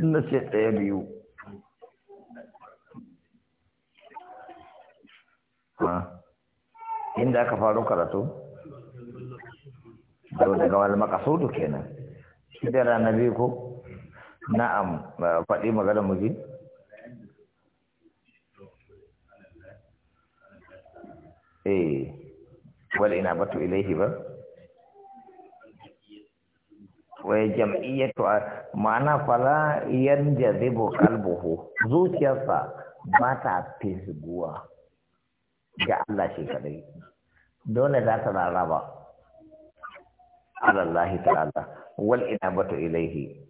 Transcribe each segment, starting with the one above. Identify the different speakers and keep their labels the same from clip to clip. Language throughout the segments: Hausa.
Speaker 1: tunda sai ɗaya biyu inda aka faru karatu daga wal makasudu kenan da rana biyu ko na'am faɗi magana muji eh wal ina batu ilaihi ba wai jam'iyyatu ma'ana fala jazibu kalbuhu zuciyarsa ba ta fisguwa ga Allah shi kadai dole za ta rarraba Allah ta'ala wal inabatu ilaihi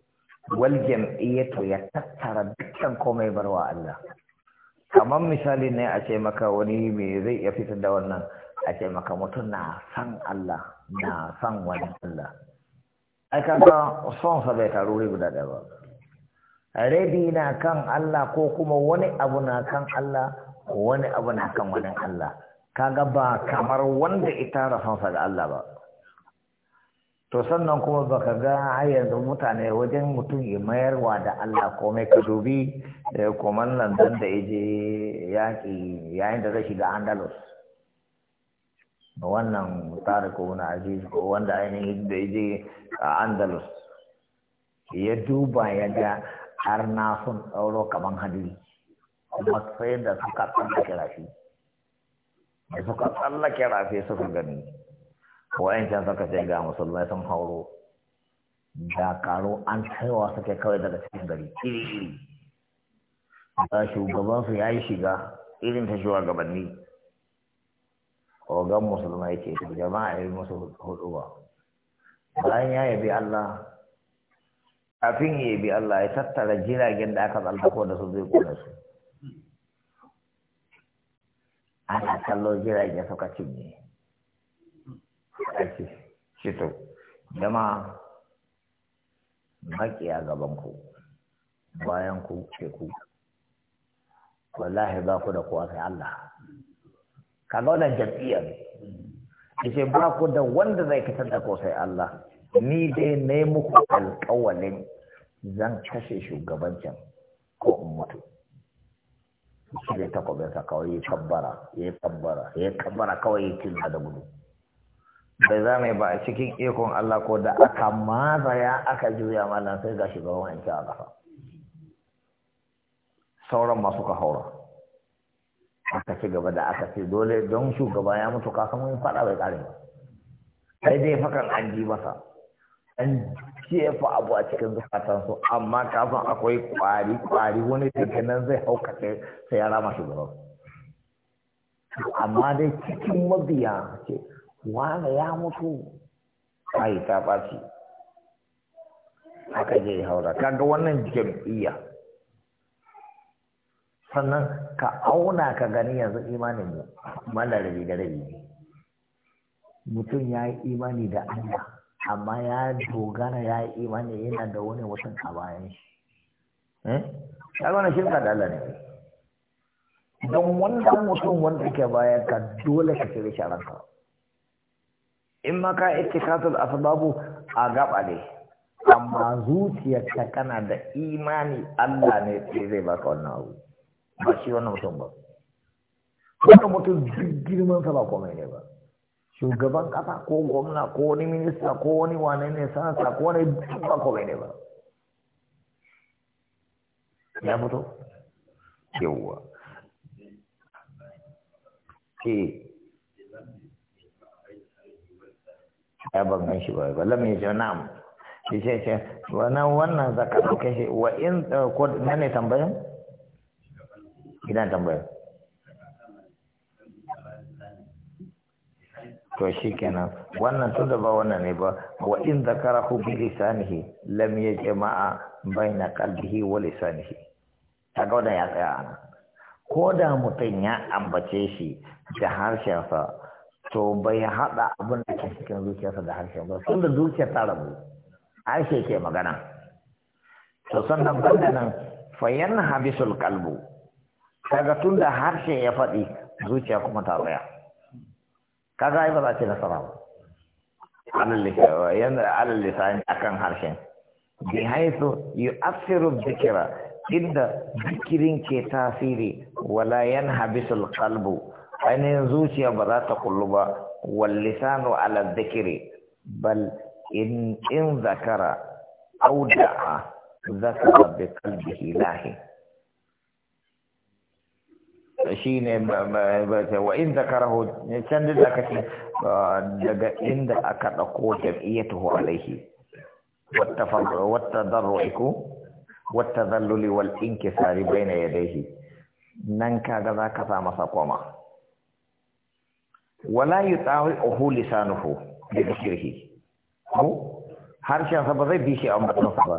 Speaker 1: wal jam'iyyatu ya tattara dukkan komai barwa Allah kamar misali ne a ce maka wani me zai iya fitar da wannan a ce maka mutum na san Allah na san wani Allah ai kaga son sa bai taru guda ɗaya ba rabi na kan Allah ko kuma wani abu na kan Allah wani abu na kan wani Allah kaga ba kamar wanda ita sa ga Allah ba to sannan kuma baka ga har yanzu mutane wajen mutum ya mayarwa da Allah komai ka dubi da eh, komandan da ya je yaƙi yayin da zai shiga Andalus wannan ko na aziz ko wanda ainihin da je a andalus ya duba ya ga har na sun tsauro kaman hadiri kuma sai da suka tsallake rafi da suka tsallake rafi suka gani wa'ancan suka ce ga musulmai sun hauro dakaru an kaiwa suke kawai daga cikin gari iri-iri ga shugabansu ya yi shiga irin ta shugabanni ogan musulmai ce jama'a yi musu hudu ba bayan ya yabi Allah kafin ya yabi Allah ya tattara jiragen da aka tsallako da su zai kona su ana kallo jiragen suka cinye ake shito jama'a makiya gaban ku bayan ku ce ku wallahi ba ku da kuwa sai Allah kaga wannan jam'iyyar ne ba ku da wanda zai fitar da kosai Allah ni dai ne muku alƙawalin zan kashe shugabancin ko in mutu shi zai sa kawai ya kabbara ya kabbara ya kabbara kawai ya da gudu bai za mai ba a cikin ikon Allah ko da aka ya aka juya malam sai ga shugaban wancan a ƙasa sauran masu ka haura aka ci gaba da aka ce dole don shugaba ya mutu ka san mun fada bai kare ba sai dai fakan an ji masa an jefa abu a cikin zukatan su amma kafin akwai kwari kwari wani daga nan zai hau kace sai ya rama shugaban amma dai cikin mabiya ce wane ya mutu ai ta ɓaci aka je haura kaga wannan jam'iyya sannan ka auna ka gani yanzu imanin mu mana rabi da rabi mutum ya yi imani da Allah amma ya dogara ya yi imani yana da wani mutum a bayan shi eh wani shirka da Allah ne don wannan mutum wanda ke bayan ka dole ka cire shi a ranka in ma ka ittikatul asbabu a gaba ne amma zuciyarka kana da imani Allah ne zai baka wannan abu ba shi wannan mutum ba wannan mutum girman sa ba komai ne ba shugaban kasa ko gwamna ko wani minista ko wani wane ne sanasa ko wani duk ba komai ne ba ya fito yawwa ke eh. ya ban gan shi ba ba lam ya ce na'am shi ce ce wannan wannan zakar kashe wa in eh, ko nane tambayan ina tambaya to shi kenan wannan tun ba wannan ne ba wa in zakarahu bi lisanihi lam yajma'a baina qalbihi wa lisanihi kaga wannan ya tsaya ana ko da mutum ya ambace shi da harshensa to bai haɗa abin da ke cikin zuciyarsa da harshen ba tun da ta rabu harshe ke magana to sannan banda nan fayan habisul kalbu kaga tunda harshe ya faɗi zuciya kuma ta tsaya kaga ai ba za ce nasara ba alal lisani akan harshen bi haisu yu'assiru dhikra inda zikirin ke tasiri wala yanhabisul qalbu ainihin zuciya ba za ta kullu ba wal lisanu ala dhikri bal in in zakara aw da'a zakara bi qalbihi lahi shi ne wa in zakarahu can da aka ce daga inda aka ɗauko jam'iyyatuhu alaihi wata darru'iku wata zalluli wal inkisari baina yadayhi nan kaga za ka sa masa koma wala yutawi'uhu lisanuhu bi dhikrihi ko harshen sa ba zai bi shi a mutunsa ba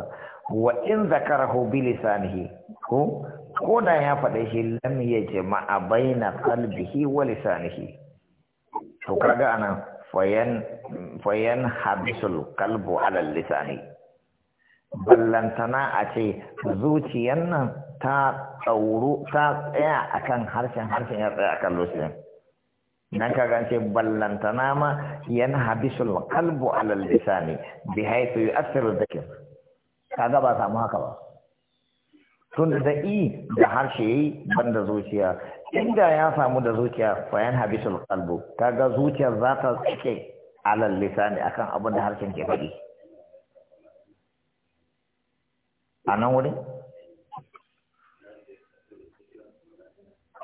Speaker 1: wa in zakarahu bi lisanihi ko ko da ya faɗa shi lam ya jama'a baina qalbihi wa lisanihi to kaga anan fayan fayan habisul qalbu ala lisani ballantana a ce zuciyan nan ta tsauru ta tsaya akan harshen harshen ya tsaya akan lusin nan kaga ce ballantana ma yan habisul kalbu ala lisani bi haythu yu'athiru kaga ba samu haka ba tun da i da harshe yi ban da zuciya inda ya samu da zuciya fayan habisul qalbu kaga zuciya za ta tsike alal lisani akan abin da harshen ke faɗi a nan wurin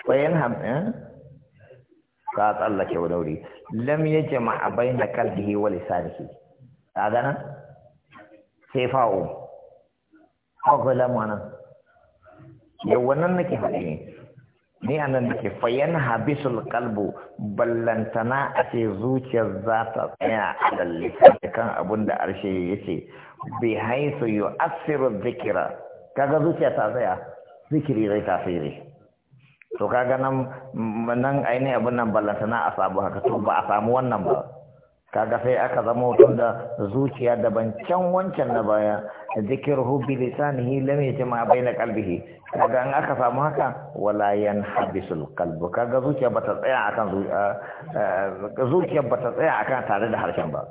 Speaker 1: fayan habisul eh? ka tsallake wani wuri lam yake ma'abai da kalbihi wa lisanihi a ganin sai fa'o ko lamu nan yau wannan nake haɗe ne ni a nan nake fayan habisul kalbu ballantana a ce zuciyar za ta tsaya a lallisa kan abin da arshe ya ce bai haisu yi asirin zikira kaga zuciya ta tsaya zikiri zai tasiri to kaga nan nan ainihin abin nan ballantana a samu haka to ba a samu wannan ba kaga sai aka zama mutum da zuciya daban can wancan na baya ذكره بلسانه لم يجمع بين قلبه kaga an aka samu haka wala yanhabisul qalbu kaga zuciya bata tsaya akan eh, eh, zuciya bata tsaya akan tare da harshen ba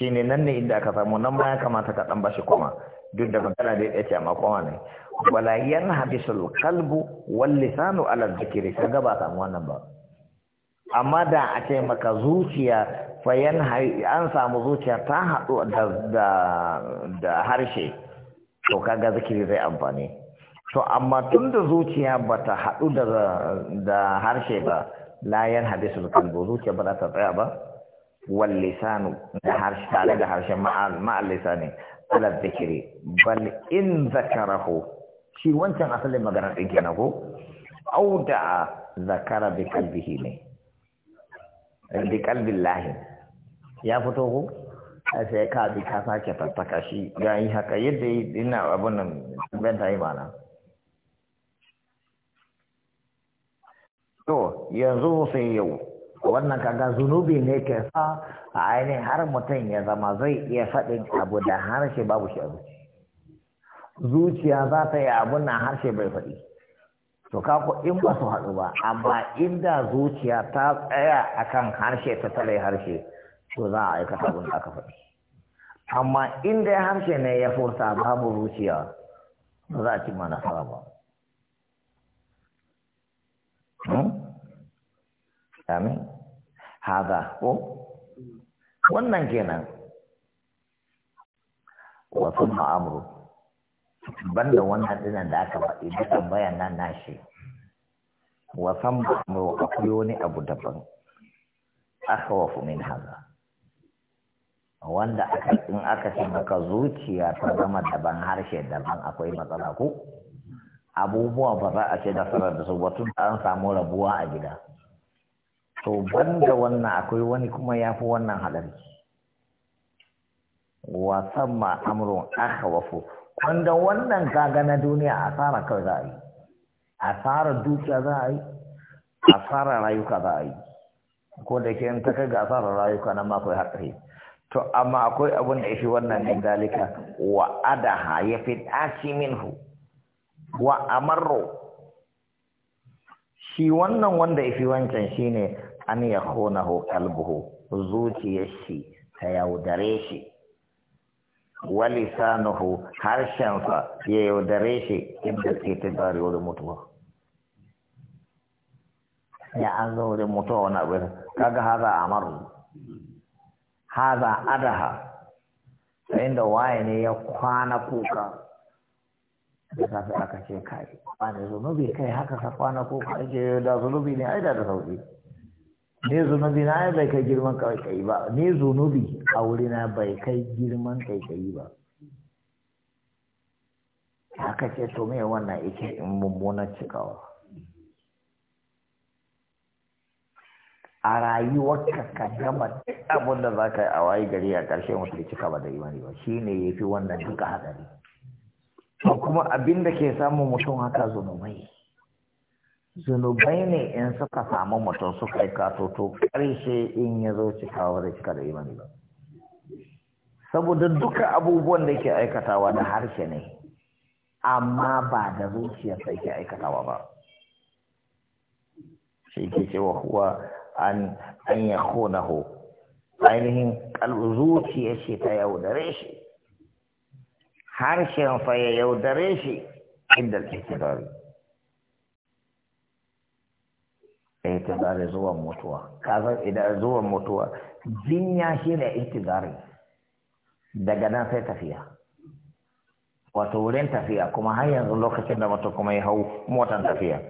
Speaker 1: shine nan ne inda aka samu nan ma ya kamata ka dan bashi koma duk da magana da ya ce amma koma ne wala Habisul qalbu wal lisanu ala dhikri kaga ba samu wannan ba amma da a ce maka zuciya fayan an samu zuciya ta haɗu da harshe to kaga zikiri zai amfani to amma tun da zuciya ba ta haɗu da harshe ba layan hadisul kalbo zuciya ba ta tsaya ba wal lisanu da harshe tare da harshe ma'al lisani ala zikiri bal in zakarahu shi wancan asalin maganar ɗin kenan ko au da zakara bi kalbihi ne bi kalbin lahi ya fito ko sai ka bi ka sake tattaka shi ya yi haka yadda yi dina abin nan ban ta yi mana to yanzu sai yau wannan kaga zunubi ne ke sa a ainihin har mutum ya zama zai iya faɗin abu da harshe babu shi a zuciya za ta yi abun nan harshe bai faɗi to kako in ba su haɗu ba amma inda zuciya ta tsaya akan harshe ta tare harshe to za a aikata abin da aka faɗi amma inda ya harshe ne ya furta babu zuciya ba za a cimma nasara ba hmm? amin haza ko wannan kenan wasu ma'amuru banda wannan dinan da aka faɗi da tambayan nan nashi wa san mu akwai wani abu daban akhwafu min haza wanda aka in aka ce maka zuciya ta zama daban harshe daban akwai matsala ko abubuwa ba za a ce da sarar da su batun an samu rabuwa a gida to banda wannan akwai wani kuma ya fi wannan halarci wa sama amrun akhwafu wanda wannan kaga na duniya asara kawai za a yi asarar dukiya za a yi asarar rayuka za a yi ko da ke in ta kai ga asarar rayuka nan ma haƙari to amma akwai abin da ya fi wannan ne dalika wa adaha ya fi ɗaci minhu wa amarro shi wannan wanda ya fi wancan shi ne an ya kona ho kalbuhu zuciyar shi ta yaudare shi walisanuhu harshensa ya yaudare shi inda ke tibari wurin mutuwa ya an zo wurin mutuwa wani abu kaga haza amaru haza adaha sayin da waye ne ya kwana kuka da safe aka ce kai wani zunubi kai haka ka kwana kuka ake da zunubi ne ai da da sauki ne zunubi na bai kai girman kai ba ne zunubi a wurina bai kai girman kai ba haka ce to me wannan yake in mummunan cikawa a rayuwar ka gama abin da za ka yi a wayi gari a ƙarshe mutu ya cika ba da imani ba shi ne ya fi wannan duka haɗari kuma abin da ke samun mutum haka zunubai. zunubai ne in suka samu mutum suka yi katoto ƙarshe in ya zo cikawar cika da imani ba saboda duka abubuwan da ke aikatawa da harshe ne amma ba da sai ke aikatawa ba shi ke cewa kuwa an an ya ho ainihin zuciya ce ta yaudare shi harshen fa ya yaudare shi inda ke kirari itizari eh, zuwa mutuwa kazan idan zuwa mutuwa jinya shi ne itizari daga nan sai tafiya wato wurin tafiya kuma har yanzu lokacin da mutum kuma ya hau motan tafiya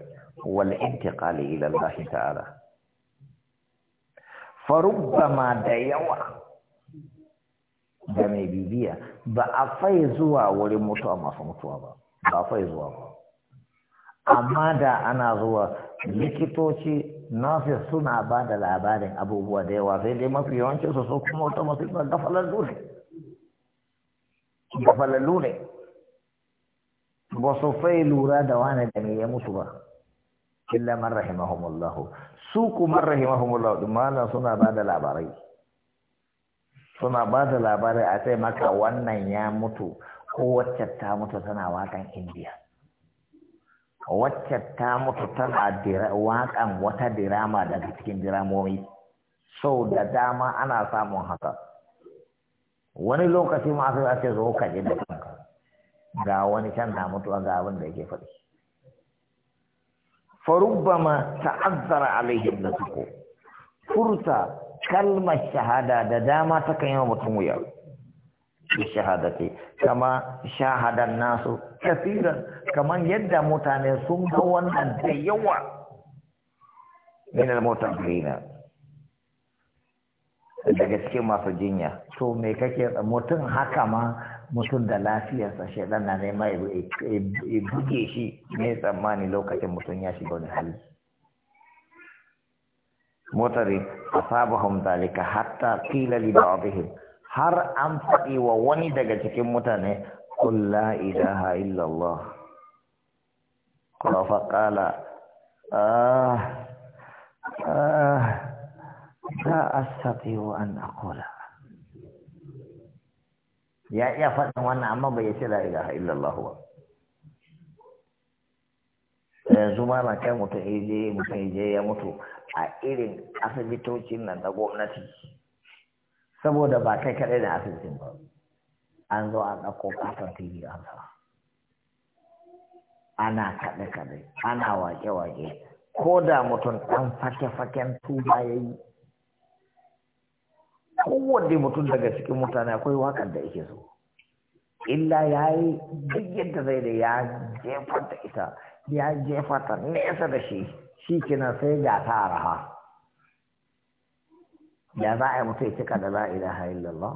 Speaker 1: wal intiqali ila Allah ta'ala farubbama da yawa da mai bibiya ba a fai zuwa wurin mutuwa masu mutuwa ba ba a fai zuwa ba amma da ana zuwa likitoci nafis suna ba da labarin abubuwa da yawa sai dai mafi yawancin su kuma wata masifar gafalar ne gafalar ne ba su fai lura da wani da ne ya mutu ba illa man rahimahumullahu su kuma rahimahumullahu dumana suna ba da labarai suna ba da labarai a sai maka wannan ya mutu ko wacce ta mutu tana watan indiya wacce ta mutu tana waƙan wata dirama daga cikin diramomi sau da dama ana samun haka wani lokaci ma aka ce zo ka ji da kanka ga wani can na mutu ga abin da yake faɗi farubbama ta'azzara alaihim nasuko furta kalmar shahada da dama ta kan yi mutum wuya shahadati kama shahadan nasu kafiran kamar yadda mutane sun ga wannan da yawa minal mota birina daga cikin masu jinya to me kake mutum haka ma mutum da lafiyarsa shaidan na nema ya buge shi ne tsammani lokacin mutum ya shiga wani hali motari asabahum zalika hatta qila li ba'dihim har an faɗi wa wani daga cikin mutane qul la ilaha illallah kalau fakala ah ah la astatiu an aqula ya ya fatu wa nama bi la ilaha illallah wa zuma la kai mutu ije mutu ya mutu a irin asibitocin nan na gwamnati saboda ba kai kadai da asibitin ba an zo a ɗauko kafin tv an ana kaɗe-kaɗe ana wake-wake ko da mutum ɗan fake-faken tuba ya yi kowanne mutum daga cikin mutane akwai wakar da yake so illa ya yi duk yadda zai da ya jefar da ita ya jefa ta nesa da shi shi kina sai ga ta araha ya za a yi mutum cika da la'ila, ilaha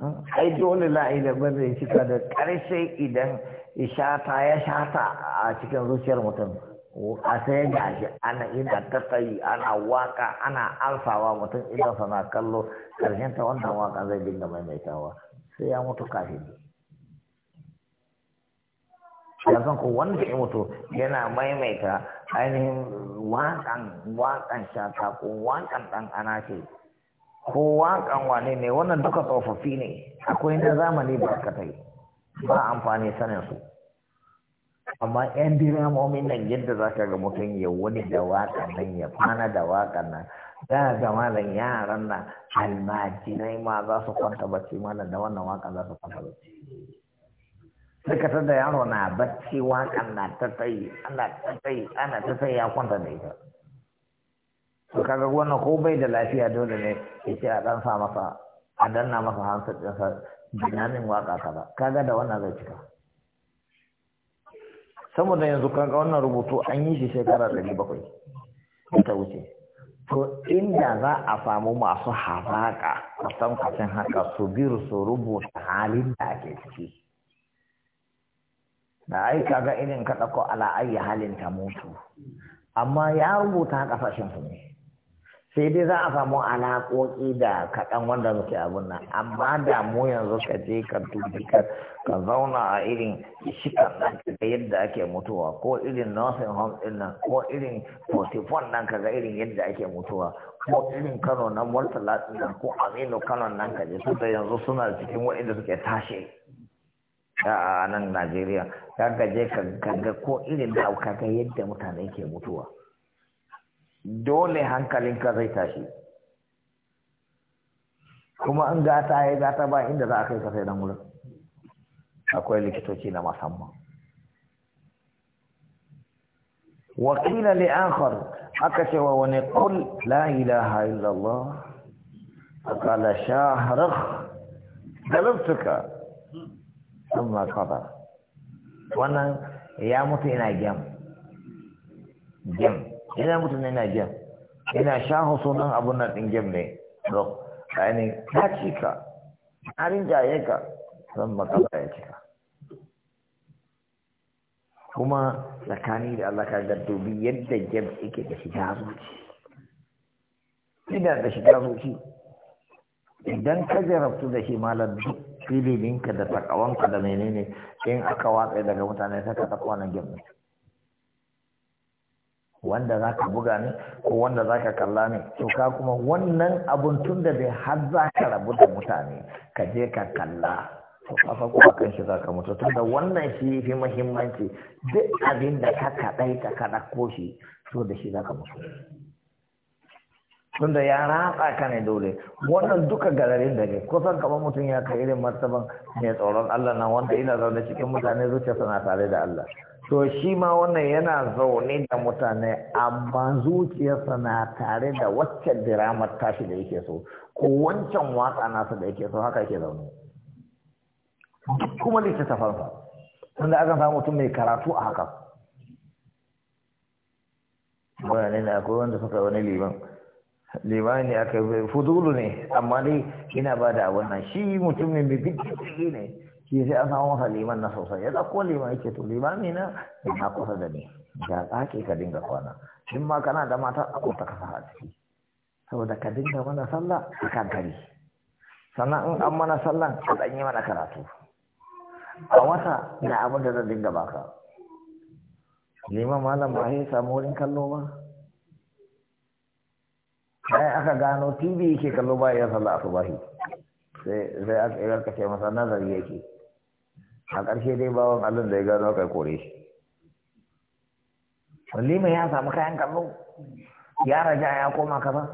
Speaker 1: hmm? ai dole la ba zai cika da ƙarshe idan Ishata ya shata a cikin zuciyar mutum a sai ga shi ana ina tattali ana waka ana alfawa mutum idan sana kallo karshen ta wannan waka zai dinga maimaitawa sai ya mutu kafin san ku wanda ya mutu yana maimaita ainihin wakan wakan shata ko wakan dan ana ce ko wakan wane ne wannan duka tsofaffi ne akwai na zamani barkatai. ba amfani sanin su amma yan momin nan yadda za ka ga mutum ya wani da waƙan nan ya kwana da waƙan nan za ga malam yaran nan almajirai ma za su kwanta bacci malam da wannan waƙan za su kwanta bacci suka da yaro na bacci waƙan na ta tsayi ana ta tsayi ana ta tsayi ya kwanta da ita to kaga wannan ko bai da lafiya dole ne ya ce a dan sa masa a danna masa hansa sa. binamin waka ka kaga da wannan zai cika saboda yanzu kaga wannan rubutu an yi shi shekara ɗari bakwai ta wuce to inda za a samu masu hazaƙa a kusan haka su biyu su rubuta halin da ake ciki da ai kaga irin ka ko ala ayi halin ta mutu amma ya rubuta ƙasashen su ne sai dai za a samu alaƙoƙi da kaɗan wanda muke abin nan amma da mu yanzu ka je ka tuki ka zauna a irin shikan nan ka yadda ake mutuwa ko irin nursing home ɗin nan ko irin portifon nan ka ga irin yadda ake mutuwa ko irin kano nan murtala nan ko aminu kano nan ka je da yanzu suna cikin waɗanda suke tashe. a nan najeriya ka ga ko irin da ka ga yadda mutane ke mutuwa dole hankalinka zai tashi kuma in gata ya gata ba inda za a kai ka sai wurin akwai likitoci na musamman wakila li akhar aka ce wa wani kul la ilaha illallah la shahrakh galabtuka amma qada wannan ya mutu ina gem, gem. yana mutum na gem yana shaho sunan abun nan ɗin gem ne rock ainihin ta cika a rinjaye ka zan makaba ya cika kuma tsakani da Allah ka gaddobi yadda jam yake da shiga zuci ina da shiga zuci idan ka jarabtu da shi malar duk da takawanka da menene in aka watsa daga mutane sai ka tafi wannan jam ne wanda za ka buga ne ko wanda za ka kalla ne to ka kuma wannan abun tun da dai har za ka rabu da mutane ka je ka kalla to kafa kuma kan shi za ka mutu tun da wannan shi fi muhimmanci duk abin da ka kaɗai ka kaɗa ko shi so da shi za ka mutu tun da ya ratsa ka ne dole wannan duka galarin da ne kusan kamar mutum ya kai irin martaban mai tsoron Allah na wanda ina zaune cikin mutane zuciya suna tare da Allah to shi ma wannan yana zaune da mutane amma zuciyarsa na tare da waccan diramar tashi da yake so ko wancan waka nasa da yake so haka yake zaune kuma littattafansa wanda aka samu mutum mai karatu a haka bayanai ne akwai wanda suka wani liman limani aka yi fudulu ne amma dai ina ba da abin nan shi mutum ne mai bincike ne shi sai an samu masa liman na sosai ya ɗauko liman yake to limami na na kusa da ni ga ake ka dinga kwana shi ma kana da mata a kusa kasa a ciki saboda ka dinga mana sallah a kan kari sannan in an mana sallan ka ɗan yi mana karatu a wata na abin da zan dinga baka liman malam ba ya samu wurin kallo ba sai aka gano tv yake kallo ba ya sallah a subahi sai aka ce masa nazari yake a ƙarshe dai bawan allon da ya gano kai kore shi walima ya samu kayan kallo ya raja ya koma kaza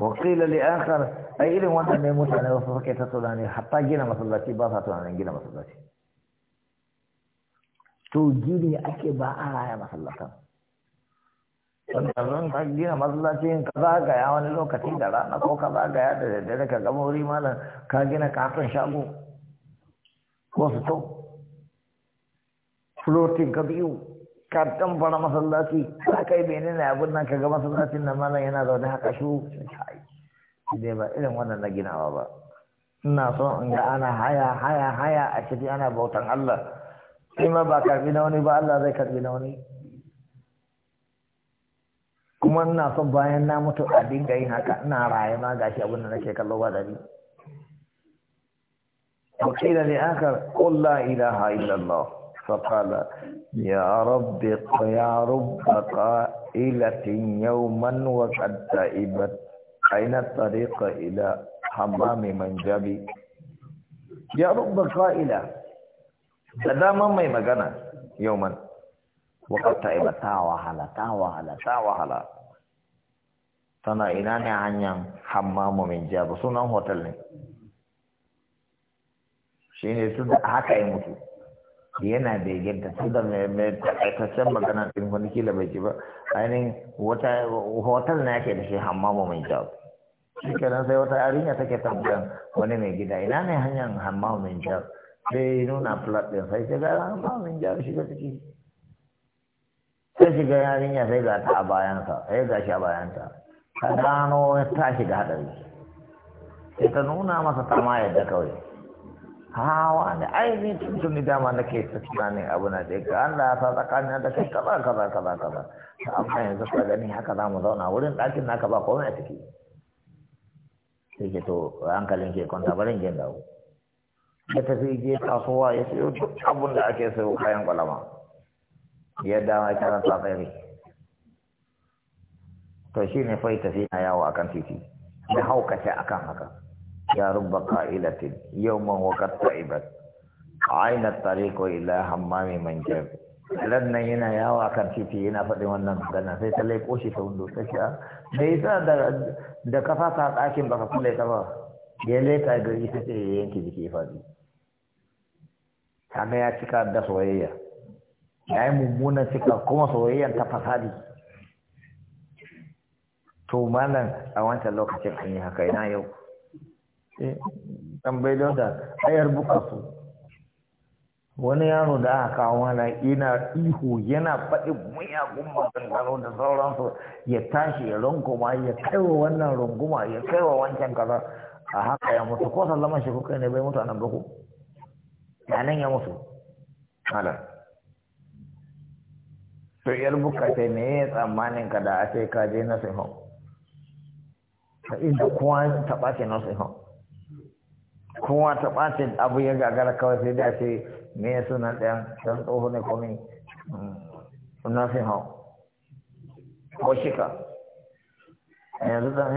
Speaker 1: wakila li akhar irin wannan ne mutane wasu suke ta tunani hatta gina masallaci ba sa tunanin gina masallaci to gini ake ba a raya masallatan zan ka gina masallaci in gaya wani lokaci da rana ko kaza zagaya da daddare ka gama wuri malam ka gina katon shago ko su to floating ka biyu ka tambara masallaci za ka yi bene na abin nan ka ga masallacin nan malam yana zaune haka shu dai ba irin wannan na ginawa ba ina so in ga ana haya haya haya a ciki ana bautan Allah sai ma ba karbi na wani ba Allah zai karbi na wani kuma ina son bayan na mutu a dinga yin haka ina raye ma gashi abin da nake kallo ba dadi وقيل لآخر قل لا إله إلا الله فقال يا رب يا رب قائلة يوما وقد تائبت أين الطريق إلى حمام manjabi ya rabba qaila da dama mai magana yawman wakar iba ta wahala ta wahala ta wahala tana ina ne hanyar hammamu min ba sunan hotel ne shi ne su da haka ya mutu yana da yadda su da mai takaitaccen magana ɗin wani kila bai ci ba ainihin wata hotel na yake da shi hammamu mai ba shi kenan sai wata yarinya take tabbatar wani mai gida ina ne hanyar hammamu min jaba sai nuna flat ɗin sai ce ga hammamu mai jaba shiga ciki sai shiga yarinya sai ga ta a bayansa sai ga shi a bayanta ta gano ta shiga haɗari sai ta nuna masa ta ma yadda kawai hawa da tun tuntuni dama na ke ta tunanin abu na ɗaya ga Allah ya sa tsakanin da kai kaza kaza kaza kaza ta amma yanzu ka gani haka za mu zauna wurin ɗakin naka ba komai a ciki sai ke to hankalin ke kwanta barin jin dawo ya tafi je kasuwa ya sayo duk abun da ake sayo kayan kwalama ya dawo ya karanta to shi ne fai tafi na yawo akan titi da haukace akan haka ya rubba ka'ilatin yau man wakar ta'ibat aina tariko ila hammami man jab nan yana yawo akan titi yana faɗin wannan magana sai ta laiko shi ta wundo ta sha da yasa da da kafa ta ɗakin baka kula ta ba ya leta gari ta ce yanke jiki faɗi ga ya cika da soyayya ya yi mummunan cika kuma soyayyar ta fasadi to malam a wancan lokacin an yi haka ina yau ɗan eh, bai da ayar buka su wani yaro da aka kawo mana ina ihu yana faɗi muyagun maganganu da sauransu ya tashi ya runguma ya kaiwa wannan runguma ya kaiwa wancan kaza a haka ya mutu ko sallama shi kuka ne bai mutu a nan ba ku ya nan ya mutu to yar buka sai me ya tsammanin ka da a ce ka je na sihon ta inda kowa ta ɓace na sihon kowa ta ɓace abu ya gagara kawai sai da ce me ya suna ɗayan don tsoho ne kome na sihon ko shika a yanzu ɗan eh?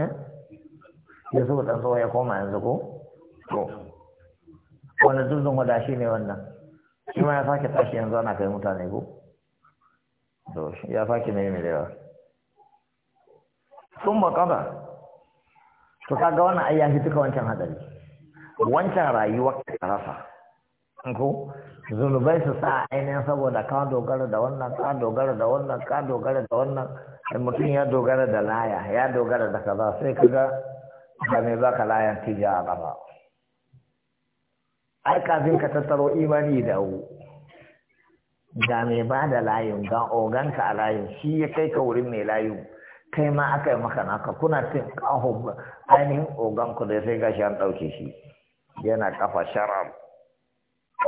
Speaker 1: ya yanzu ɗan tsoho ya koma yanzu ko to wani zuzun wada shi ne wannan shi ma ya sake tashi yanzu ana kai mutane ko to ya sake mai mai dawa sun makaba to kaga wannan ai ya duka wancan hadari wancan rayuwar ka rasa ko zunubai su sa ainihin saboda ka dogara da wannan ka dogara da wannan ka dogara da wannan mutum ya dogara da laya ya dogara da kaza sai kaga ba mai baka layan tija a kafa ai kafin ka tattaro imani da ga mai ba da layin ga oganka a layin shi ya kai ka wurin mai layu kai ma aka yi maka naka kuna cin ƙaho ainihin oganku da sai gashi an ɗauke shi yana kafa sharar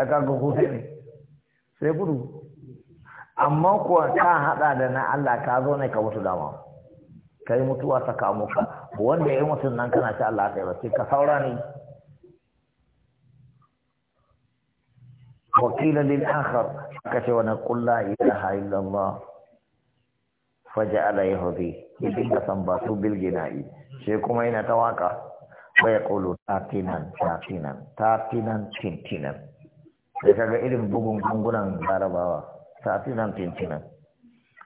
Speaker 1: ga kusa ne sai gudu amma kuwa ka haɗa da na Allah ka zo ne ka mutu dama kai mutuwa ta kamu wanda ya yi mutum nan kana ci Allah ka yi ka saura ne wakila lil akhar aka ce wani kulla ilaha illallah faja'ala yahudi idan ka san ba su bil gina'i sai kuma yana ta waka bai kulu tatinan tatinan tatinan tintinan sai kaga irin bugun gungunan larabawa tatinan tintinan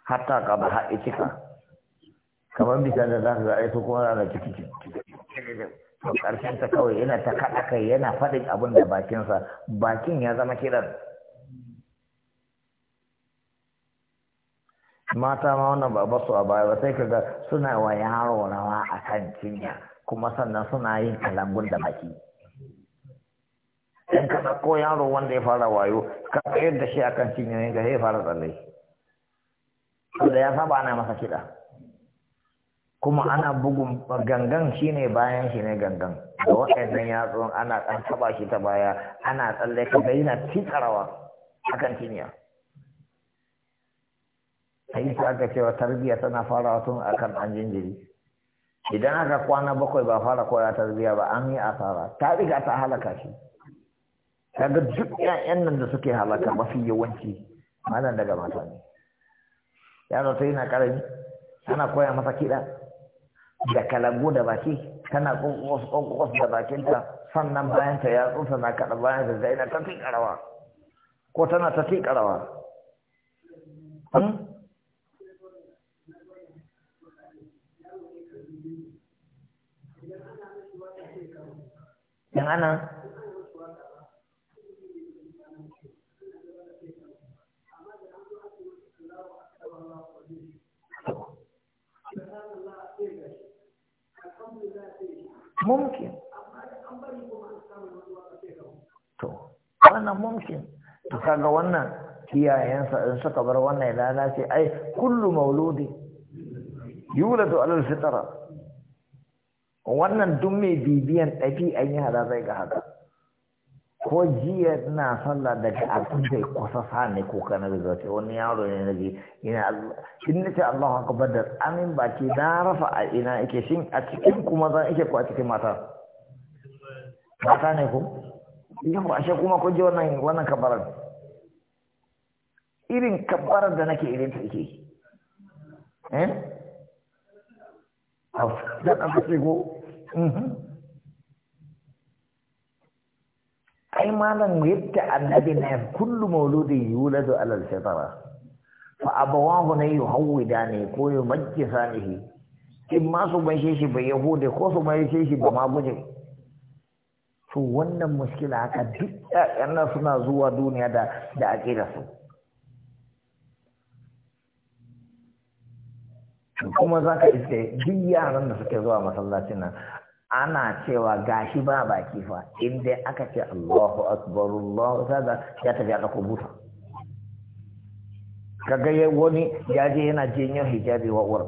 Speaker 1: hatta ka ba haɗe cika kamar bisa da za ka ga aiko kuma ana ciki ciki karshen ta kawai yana ta kaɗa kai yana faɗin abin da bakinsa bakin ya zama kiran mata ma wannan ba basu a baya ba sai kaga suna wa yaro rawa a kan cinya kuma sannan suna yin kalangun da baki in ka ɗauko yaro wanda ya fara wayo ka tsayar da shi akan ne ga ya fara tsalle saboda ya saba ana masa kiɗa kuma ana bugun gangan shine bayan shi ne gangan da waɗannan yatsun ana ɗan taba shi ta baya ana tsalle ka ga yana kan akan A sai ta aka cewa tarbiyya tana farawa tun akan an jinjiri idan aka kwana bakwai ba fara koya tarbiyya ba an yi asara ta riga ta halaka shi kaga duk ƴaƴan nan da suke halaka mafi yawanci malam daga mata ne yaro ta yana karami ana koya masa kiɗa da kalangu da baki tana kwakwakwakwas da bakinta sannan bayan ta yatsunsa na kaɗa bayan da zaina ta tiƙa rawa ko tana ta tiƙa rawa hmm? ana mumkin to wannan mumkin to kaga wannan kiyayensa in suka bar wannan lalace ai kullu mauludi yuladu alal fitra wannan dun mai bibiyan ɗabi'an yara zai ga haka ko jiya na sallah daga abin da ya kusa sa ne ko kana da zace wani yaro ne nake ina in nace Allahu akbar da amin baki na rafa a ina yake shin a cikin kuma zan yake ko a cikin mata mata ne ko yau ashe kuma ko je wannan wannan kabarar irin kabarar da nake irin ta yake eh da kan ko mhm ai malam yadda annabi na ya kullu mauludin yuladu alal fitra fa abawahu ne yuhawida ne ko yumajjisa ne in ma su bai shi ba yahude ko su bashe shi ba ma guje to wannan muskila haka duk ƴaƴan suna zuwa duniya da da aqida su kuma zaka ka iske duk yaran da suke zuwa masallacin nan ana cewa gashi ba baki fa in dai aka ce Allahu akbar Allahu kaza ya tafi aka kubuta kaga ya wani ya je yana janyo hijabi wa war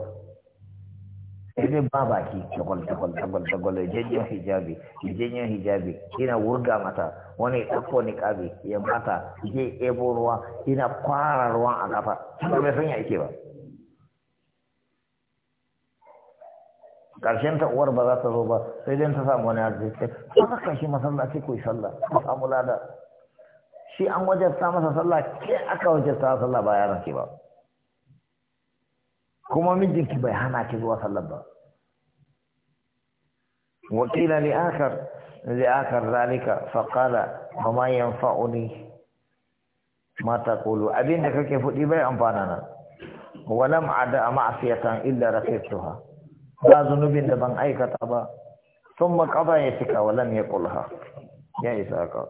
Speaker 1: idan ba baki tagwal gol tagwal gol ya janyo hijabi ya hijabi ina wurga mata wani dako ni kabi ya mata je ebo ruwa ina kwara a kafa ba bai san ya ba karshen ta uwar ba za ta zo ba sai dai ta samu wani arziki ko ka kashi masallaci ko sallah ko samu lada shi an ta masa sallah ke aka ta sallah ba yaran ki ba kuma mijinki bai hana ki zuwa sallah ba wakila li akar li akar zalika fa qala fa ma yanfa'uni ma taqulu da kake fudi bai amfana na walam ada ma'siyatan illa rafiqtuha ba zunubin da ban aikata ba sun makaba ya cika walam ya kulha ya isa ka